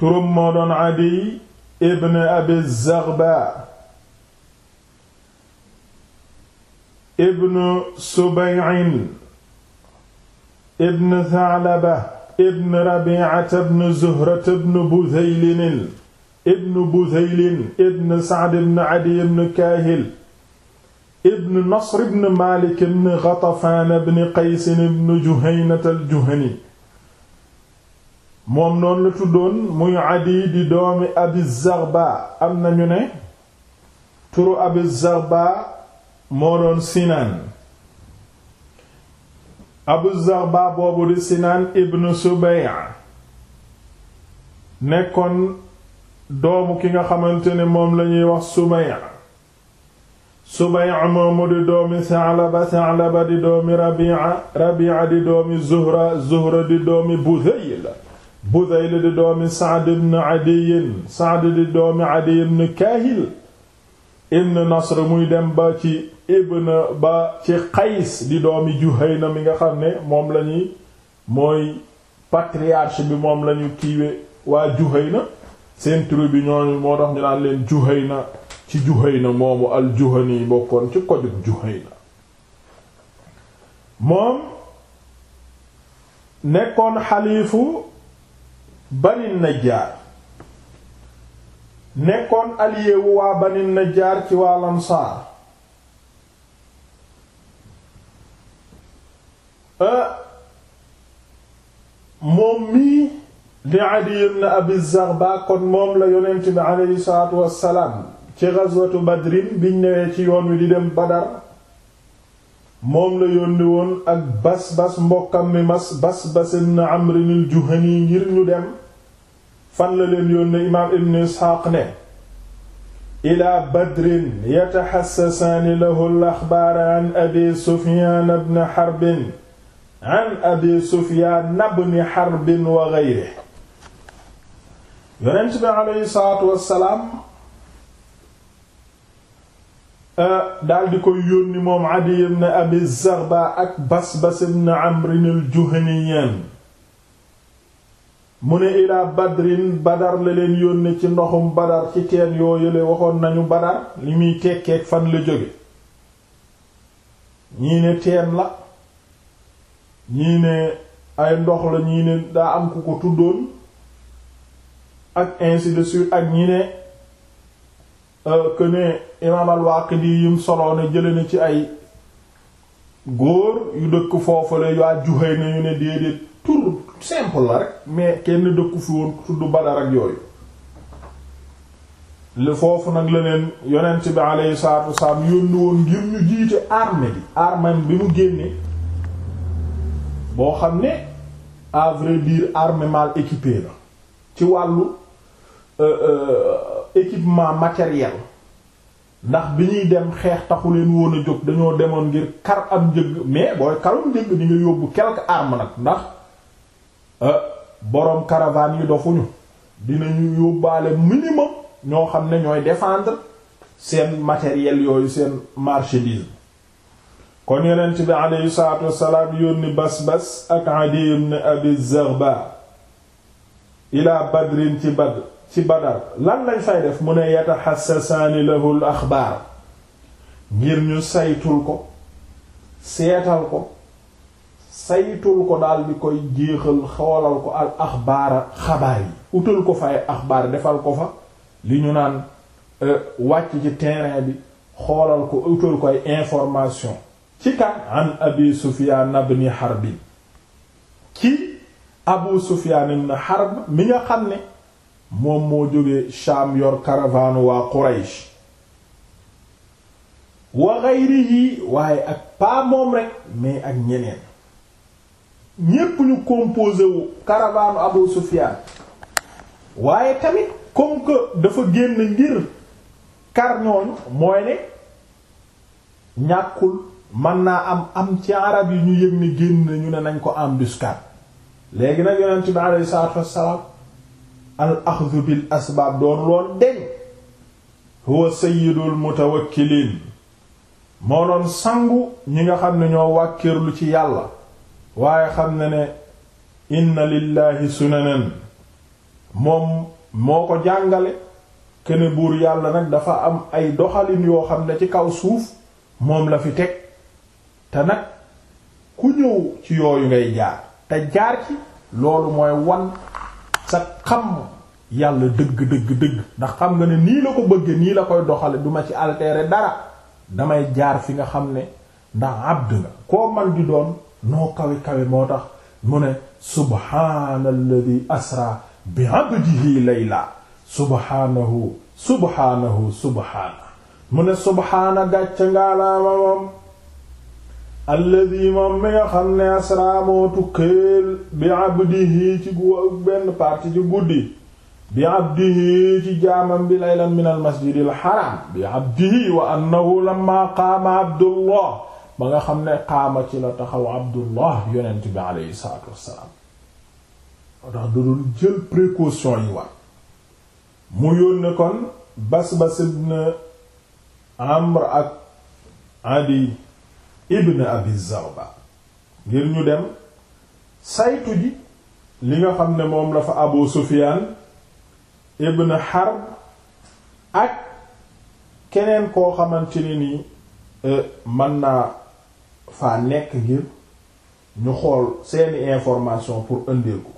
turum moo doon adiy ibn abi zaghba ibn subayin ibn thalaba ibn rabi'ata ibn zuhrata ibn budhaylin ibn budhaylin ibn sa'd ibn adiy ibn kaahil ibn nasr ibn malik ibn ghatafaan ibn qays ibn juhaynata al-juhani moom noonu la tuddoon muy Adi di doomi Abi Zarba am nañu ne turu Abi Zarba moo doon Sinan Abu boobu di Sinan ibn Subay' nekkoon doomu ki nga xamante ne moom lañuy wax Subay' Subay' moomu di doomi Sa'laba Sa'laba di doomi Rabi'a Rabi'a di doomi Zuhra Zuhra di doomi Budayl Budayl di doomi Sa'd ibn Adiy Sa'd di doomi Adiy Kaahil ibn Nasr muy dem ba ci ibn ba ci Qays di doomi Juhayna mi nga xam ne moom lañuy mooy patriarche bi moom lañu kiiwe waa Juhayna seen tribu bi ñooñu moo tax ñu naan leen Juhayna ci Juhayna moomu al yi bokkoon ci kojug Juhayna moom nekkoon xaliifu bani najjaar nekkoon allié wu waa bani najjaar ci waa lansaar euh, moom mii di Adiy ibn Abi Zarba kon moom la yonent bi aleyhi salaatu wassalaam ci ghazwatu Badrin biñ newee ci yoon wi di dem Badar moom la yónni woon ak bas-bas mbokkam mi mas bas-bas ibn Amr al-Juhani ngir ñu dem fan la leen yónni imaam ibn Isxaaq ne ila badrin yataxassasaani lahu al-axbaara an abi Sufyaan ibn Harb an abi Sufyaan ibn Harb wa gayrihi yonent bi aleyhi salaatu wassalaam Euh, daal koy yónni moom Adiy ibn Abi Zarba ak Basbas ibn Amr al-Juhaniyan mu ne ilaa badrin badar la leen yónni ci ndoxum badar ci teen yoo yële waxoon nañu badar li muy tekkeek fan la jóge ñii ne la ñii ay ndox la ñii ne daa am ku ko tuddoon ak ainsi de suite ak ñi Euh, que ne imaam al-Waaqidi yim soloo ne jële na ci ay góor yu dëkk foofale yaa juxee na ñu ne déedéet tur simple la rek mais kenn dëkku fi woon tudd Badar yooyu li foofu nag leneen leen yonent bi alayhi salaatu wasalaam yónni woon ngir ñu jiite armée bi armée bi mu génne boo xam ne à vrai dire armée la ci wàllu euh, euh, équipement matériel ndax bi ñuy dem xeex taxu leen woon a jóg dañoo demoon ngir kar am njëgg mais booy karum njëgg di nga yóbbu quelque arme nag ndax euh, boroom caravane yi dofuñu dinañu yóbbaale minimum ñoo xam ne ñooy défendre seen matériel yooyu seen marchandise kon yonent bi aleyhi salaatu wassalaam yónni Basbas ak Adi ibn Abi Zaghba ila Badrin ci Badr ci Badar lan lañ fay def mu ne yataxassasaani lahul axbaar ngir ñu saytul ko seetal ko saytul ko daal di koy jéexal xoolal ko al axbaara xabaar yi utal ko fa axbaar defal ko fa li ñu naan euh, wàcc ci terrain bi xoolal ko utal ko information ci kan an abi Sufyaan ibn Harb ci Abu Sufyaan ibn Harb mi nga xam ne moom moo jóge Shaam yor caravane waa Quraysh wa ghayrihi waaye ak pas moom rek mais ak ñeneen ñépp ñu composé wu caravane Abu Sufyan waaye tamit comme dafa génn ngir kar ñooñu mooy ne ñàkkul mën naa am am ci arab yi ñu yëg ne génn ñu ne nañ ko embuscade léegi nag yonent bi alayhi salaatu wassalaam al axdu bil asbaab doon loon deñ huwa sayyidul mutawakkiliin moo doon sangu ñi nga xam ne ñoo lu ci yàlla waaye xam ne ne inna lillahi sunanan moom moo ko jàngale kene buur yàlla nag dafa am ay doxalin yoo xam ne ci kaw suuf moom la fi teg te nag ku ñëw ci yooyu ngay jaar te jaar ci loolu mooy wan sa xam yàlla dëgg dëgg dëgg ndax xam nga ne nii la ko bëggee nii la koy doxale duma ci altérer dara damay jaar fi nga xam ne ndax abd nga koo man di doon noo kawe kawe moo tax mu ne subhaanalladi asra bi abdihi layla subhaanahu subhaanahu subhaana mu ne subhaana gàcc ngaalaama moom alladi moom mi nga xam ne asraa moo tukkeel bi abdihi ci benn partie ci guddi bi abdihi ci jaamam bi laylan min al masjidil haram bi abdihi wa annahu lamma qaama abdullah ba nga xam ne qaama ci la taxaw abdullah yonent bi aleyhi salaatu wassalaam moo tax du dul jël précaution yi war mu yónne kon bas ba ibn amr ak adi ibn abi zarba ngir ñu dem saytu ji li nga xam ne moom la fa abu sufiyaan ibn harb ak keneen koo xamante ne ni e, mën naa faa nekk ngir ñu xool seeni information pour ëndeel ko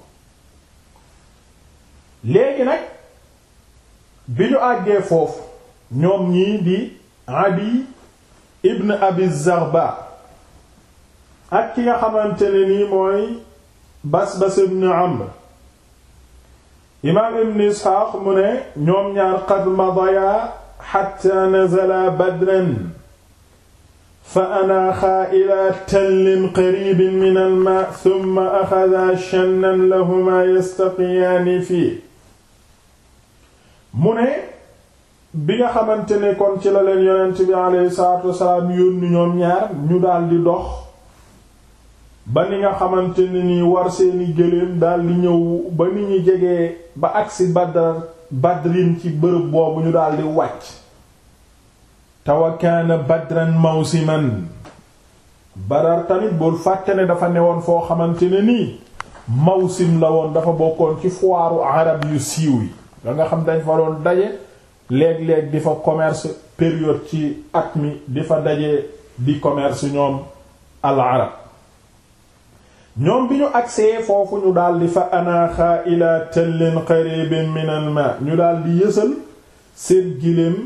léegi nag bi ñu àggee foofu ñoom ñii di adi ibn abi zaghba ak ki nga xamante ne nii mooy basbas ibn amr imaam ibn isxaaq mu ne ñoom ñaar qad madaya xatta nazala badran fa anaaxaa ilaa tallin qariibin min almaa thumma axadaa shannan lahumaa yastaqiyaani fii mu ne bi nga xamante ne kon ci la leen yonent bi alayhi salaatu wasalaam ñu ñoom ñaar ñu daldi dox ba ni nga xamante ne ni war seeni gëléem daldi ñëw ba ni ñu jege ba agsi Badr badrin ci bërëb boobu ñu daldi wàcc te wa kaana badran mawsiman Badar tamit bul fàtte ne dafa newoon foo xamante ne nii mawsim la woon dafa bokkoon ci foiru arab yu siiw yi da nga xam dañ fa doon daje léeg-léeg di fa commerce période ci at mi di fa daje di commerce ñoom al arab ñoom bi ñu agsee foofu ñu daal di fa anaaxa ila tëllin qaribin min ma ñu daal di yësal seen giléem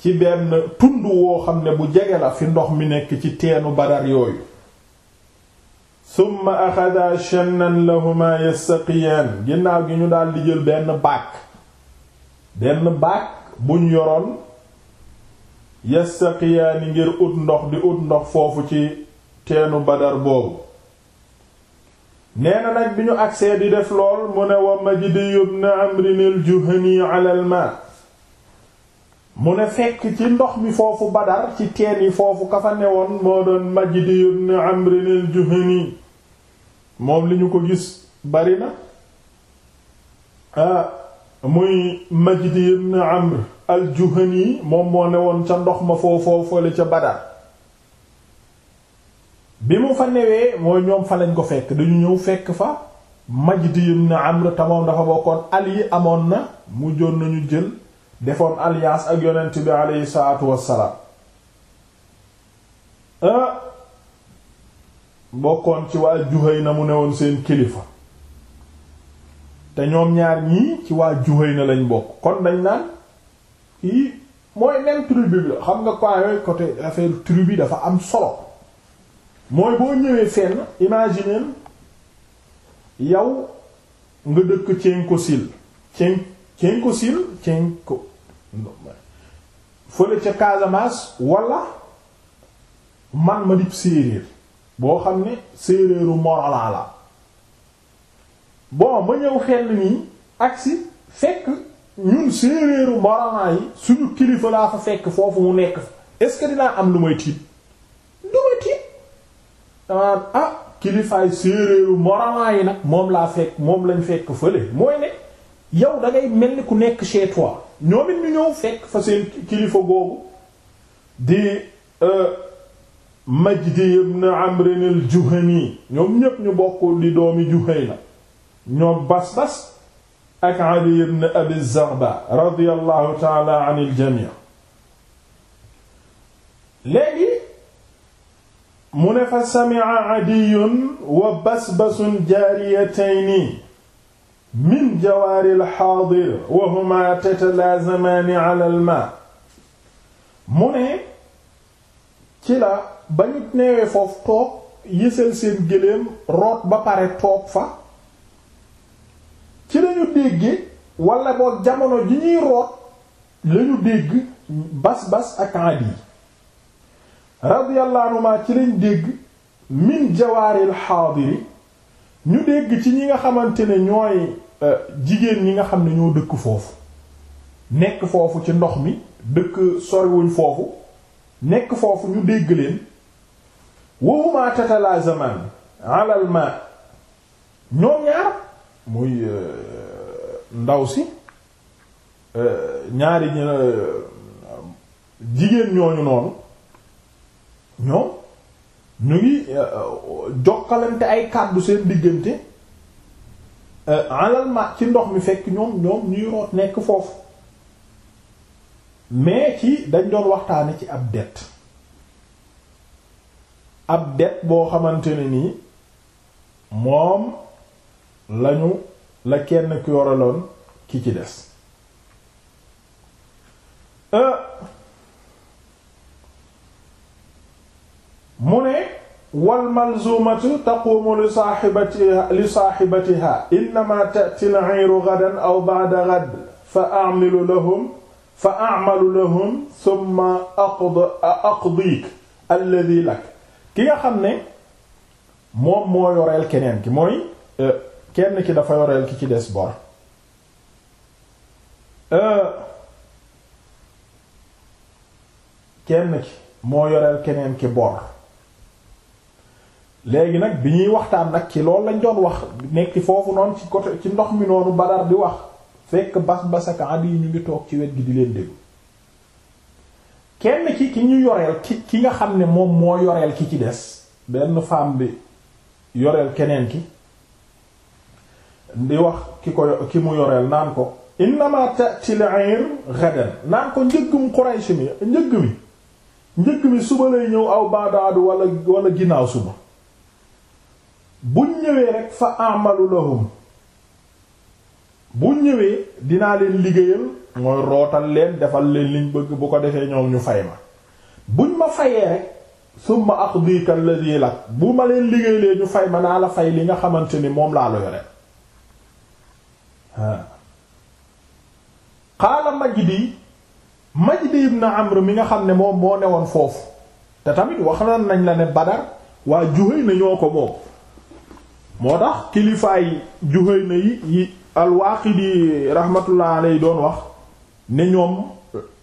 ci benn tund woo xam ne bu jege la fi ndox mi nekk ci teenu badar yooyu summa axada shannan lahuma yastaqiyaan ginnaaw gi ñu daal di jël benn baak benn baak buñ yoroon yastaqiyaani ngir ut ndox di ut ndox foofu ci teenu badar boobu nee na nag bi ñu agsee di def lool mu ne wa Majdi ibn Amr al-Juhani ala al-ma mu ne fekk ci ndox mi foofu badar ci teen yi foofu ka fa newoon moo doon Majdi ibn Amr al-Juhani moom li ñu ko gis bari na ah, muy Majdi ibn Amr al-Juhani moom moo ne woon ca ndox ma foofoo fole ca Badar bi mu fa newee mooy ñoom fa lañ ko fekk dañu ñëw fekk fa Majdi ibn Amr te dafa bokkoon ali amoon na mu mujjoon nañu jël defoon alliance ak yonent bi aleyhi salaatu ah, bokkoon ci waa na mu newoon seen kilifa te ñoom ñaar ñii ci waa Juhayna lañ bokk kon dañ naan i mooy même tribu bi xam nga quoi yooyu côté affaire tribu dafa am solo mooy boo ñëwee fenn imaginer yow nga dëkk Tchenkosil Tchen Tchenkosil ko fële ca Casamance wala man ma dib séeréer boo xam ne séeréeru Morola la bon ma ñëw fenn nii agsi fekk ñun séeréeru mboramaa yi suñu kilifa laa fa fekk foofu mu nekk fa est dinaa am lu may tiit lu may tiit ah kilifaay séeréeru mboramaa yi nag moom laa fekk moom lañ fekk fële mooy ne yow da mel ni ku nekk chez toi ñoom it ñu ñëw fekk fa seen kilifa googu di euh, Majdi ibn Amr al-Juhani ñoom ñépp ñu bokk di doomi Juhayna ñoom Basbas ak Ali ibn Abi Zarba radiyallahu ta'ala anil jami' léegi mu ne fa sami'a Adiyun wa Basbasun jaariyatayni min jawaaril haadir wa humaa tatalaazamaani alal maa mu ne ci la ba ñu neewee foofu toog yësal seen gëléem root ba pare toog fa lañu déggee wala boog jamono ji ñuy root lañu dégg bas-bas ak adi radiyallahu anhuma ci lañ dégg min jawaaril xaadiri ñu dégg ci ñi nga xamante ne ñooy euh, jigéen ñi nga xam ne ñoo dëkk foofu nekk foofu ci ndox mi dëkk soriwuñ foofu nekk foofu ñu dégg leen wahuma tatalazaman ala al ma ñoom ñaar muy euh, ndaw si euh, ñaari euh, jigéen ñooñu noonu ñoom ñu ngi euh, jokkalante ay kàddu seen diggante alal ma ci ndox mi fekk ñoom ñoom ñuy root nekk foofu mais ci dañ doon waxtaane ci ab det ab det boo xamante nii moom lañu la kenn ku yoraloon ki ci des euh, mu ne wal malzumatu taqumu li saaxibatiha li ta'ti al-'ayru ghadan aw ba'da ghad fa a'malu lahum fa a'malu lahum thumma aqdik alladhi lak ki nga xam ne moom moo yoreel keneen ki euh, kenn ki dafa yoreel ki ci des bor euh, kenn ki moo yoreel keneen ki bor léegi nag bi ñuy waxtaan nag ci loolu lañ doon wax nekk foofu noonu ci côté ci ndox mi noonu Badar di wax fekk bas basaka at yi ñu ngi toog ci wet gi di leen déglu kenn ki ki ñu yoreel ki ki nga xam ne moom moo yoreel ki ci des benn femme bi yoreel keneen ki di wax ki ko ki mu yoreel naan ko innama ta'ti al-'ayr naan ko njëggum Quraysh mi njëgg mi njëgg mi suba lay ñëw aw baadaadu wala wala ginnaaw suba buñ ñëwee rek fa amalu lahum buñ ñëwee dinaa leen liggéeyal mooy rootal leen defal leen liñ bëgg bu ko defee ñoom ñu fay ma buñ ma fayee rek summa aqdika alladhi lak bu ma leen liggéeyalee ñu fay ma naa la fay li nga xamante ni moom laa la yore Ah. qaala Majdi Majdi ibn Amr mi nga xam ne moom moo newoon foofu te tamit wax nañ la ne Badar waa Juhayna ñoo ko moom moo tax kilifaay Juhayna yi yi al-Waaqidi rahmatullah alayhi doon wax ne ñoom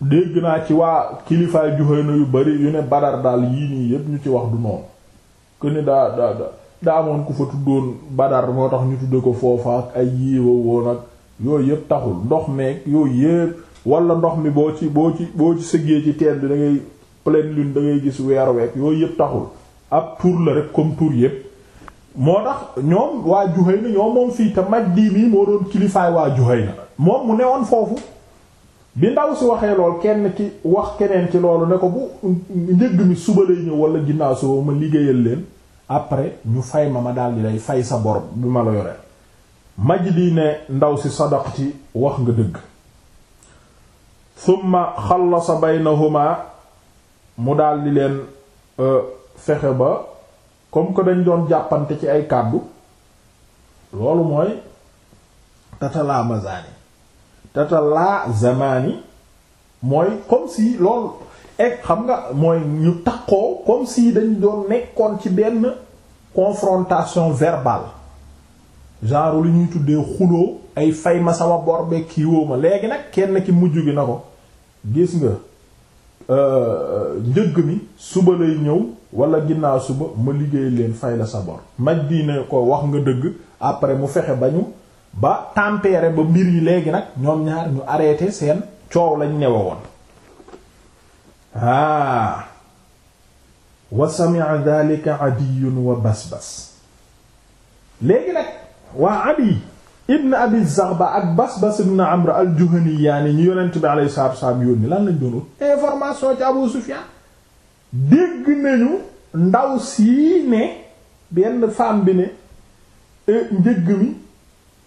dégg naa ci waa kilifaay Juhayna yu bari yu ne Badar daal yii nii yépp ñu ci wax du noonu que daa daa daa daamoon amoon ku fa tuddoon Badar moo tax ñu tudde ko foofa ak ay yiiwa woon ak yooyu yëpp taxul ndox meeg yooyu yëpp wala ndox mi boo ci boo ci boo ci sëggee ci teel bi dangay ngay pleine lune da ngay gis weer week yooyu yëpp taxul ab tur la rek comme tur yëpp moo tax ñoom waa Juhayna ñoom moom fii te Majdi mi moo doon kilifaay waa Juhayna moom mu newoon foofu bi ndaw si waxee lool kenn ki wax keneen ci loolu ne ko bu njëgg mi suba lay ñëw wala ginnaaw suba ma liggéeyal leen après ñu fay ma ma daal di lay fay sa bor bi ma la yore maj lii ne ndaw si sadaqti wax nga dëgg sa xallasa baynahuma mu daal di leen euh, fexe ba comme que dañ doon jàppante ci ay kàddu loolu mooy tatalaa mazani tatalaa zamani mooy comme si loolu ek xam nga mooy ñu takkoo comme si dañ doon nekkoon ci benn confrontation verbal genre lu ñuy tuddee xuloo ay fay ma sama bor be kii woo ma léegi nag kenn ki mujj gi na ko gis nga euh, njëgg mi suba lay ñëw wala ginnaaw suba ma liggéey leen fay la sa bor maj diine ko wax nga dëgg après mu fexe ba ñu ba tempérer ba mbir yi léegi nag ñoom ñaar ñu arrêté seen coow lañ newe woon aa ah. wa sami'a dhalika adiyun wa basbas léegi nag waa adi ibn abi zaghba ak basbas ibn amr al-juhani yaani ñu yonent bi alayhi salaatu wassalaam yónni lan lañ doonu information ci abu sufyan dégg nañu ndaw sii ne benn femme bi ne eh, njëgg mi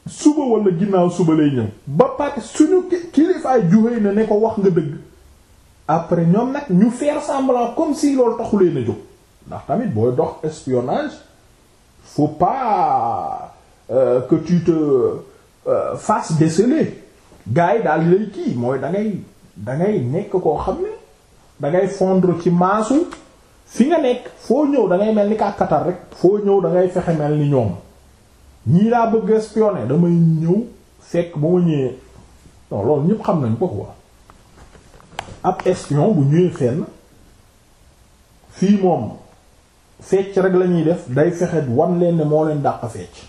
suba wala ginnaaw suba lay ñëw ba pare suñu kilifaay juhayna ne ko wax nga dëgg après ñoom nag ñu feer semblant comme si loolu taxuleen a jóg ndax tamit booy dox espionnage faut pas euh, que tu te euh, fasses déceler gars yi daal lay kii mooy da ngay da ngay nekk koo xam ne da ngay fondre ci maasu fi nga nekk foo ñëw da ngay mel ni kàkkatar rek foo ñëw da ngay fexe mel ni ñoom ñii laa bëgg espionner damay ñëw fekk ba ñëwee non loolu ñépp xam nañ ko quoi ab espion bu ñëwee fenn fii moom fecc rek lañuy def day fexe wan leen ne moo leen dàq fecc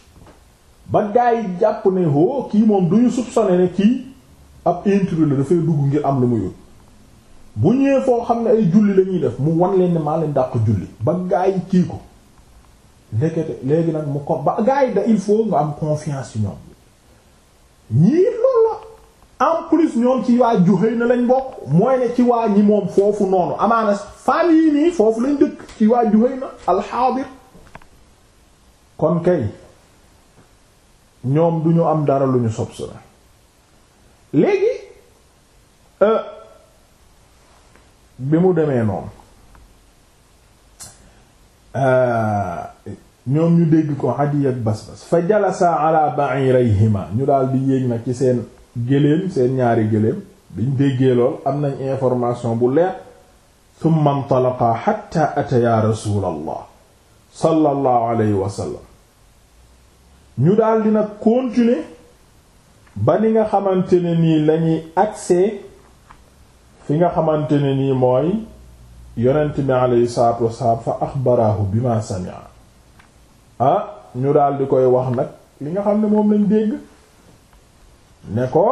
ba gaa yi jàpp ne hoo oh, kii moom duñu soupçonné ne kii ab intrus la dafay dugg ngir am lu muy yóbbu bu ñëwee foo xam ne ay julli lañuy def mu wan leen ne maa leen dàq julli ba gaa kii ko ndekete léegi nag mu ko ba gaa da il faut nga am confiance ci ñoom ñii en plus ñoom ci waa Juhayna lañ bokk mooy ne ci waa ñi moom foofu noonu amaana faam yii nii foofu lañ dëkk ci waa Juhayna alxaadir kon kay ñoom du ñu am dara lu ñu sob sona léegi euh, bi mu demee noonu euh, ñoom ñu dégg ko Adiy ak Basbas fa jalasa ala ba'irayhima ñu daal di yéeg nag ci seen géléem seen ñaari géléem biñ déggee lool am nañ information bu leer thumma ntalaqaa xatta ataya rasulallah sallallahu alayhi wa sallam ñu daal nag continuer ba ni nga xamante ne nii lañuy agsee fi nga xamante ne nii mooy yonent bi alayhi salaatu wasalaam fa axbaraahu bima sami'a ah ñu daal di koy wax nag li nga xam ne moom lañ dégg ne ko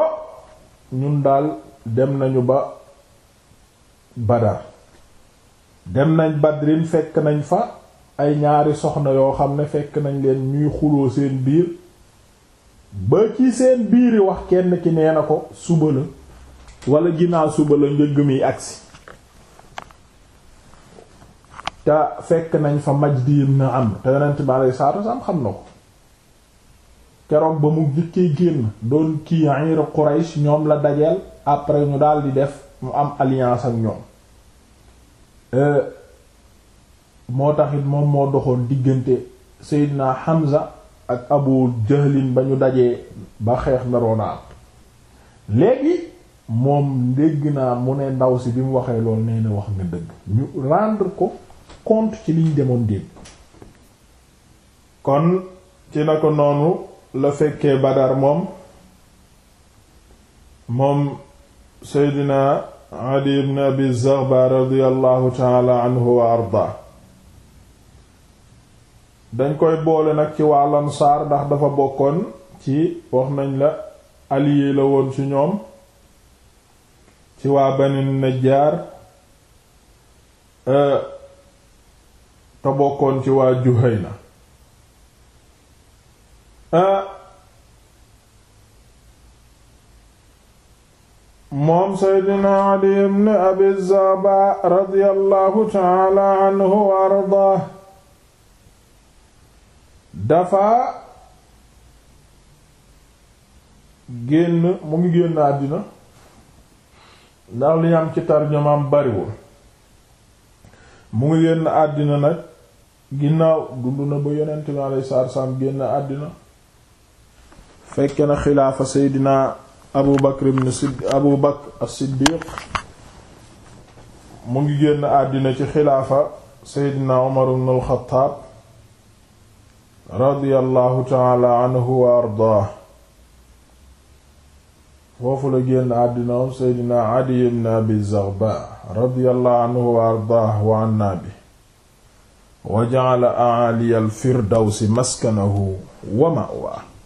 ñun daal dem nañu ba Badar dem nañ Badrin fekk nañ fa ay ñaari soxna yoo xam ne fekk nañ leen ñuy xuloo seen biir ba ci seen biiri wax kenn ki nee na ko suba la wala ginnaaw suba la njëgg mi agsi te fekk nañ fa Majdi ibn Amr te yonent bi alayhi salaatu wa xam na ko keroog ba mu jëkkee génn doon kii ayir Quraysh ñoom la dajeel après ñu daal di def mu am alliance ak ñoom euh, moo taxit moom moo doxoon diggante Seydina Hamza ak Abu Jahlin ba ñu dajee ba xeex naroonaa léegi moom dégg naa mu ne ndaw si bi mu waxee loolu nee na wax nga dëgg ñu rendre ko compte ci liñ demoon dégg kon ci na ko noonu la fekkee Badar moom moom Seydina Adi ibn Abi Zaghba radiyallahu anhu wa arda dañ koy boole nag ci waa Ansaar ndax dafa bokkoon ci wax nañ la allié la woon ci ñoom ci waa Bani Najjaar euh, te bokkoon ci waa Juhayna Euh, moom seydina ali ibn abi zaba radiyallahu taala anhu dafa génn mu ngi génn àddina ndax li am ci tarjumaam bariwul mu ngi génn àddina nag ginnaaw dund na ba yonent bi alayhi salaatu wa génn àddina fekk na xilaafa seydina abu bakr ibn sid abu bakr as-siddiq mu ngi génn àddina ci xilaafa seydina umar ibn al-xattaab radiyallahu taala anhu wa ardaah foofu la génn àddina moom seydina adi ibn abi zaghba radiyallahu anhu wa ardaah wa anna bi wa ja'ala a'ali al-firdawsi maskanahu wa ma'waahu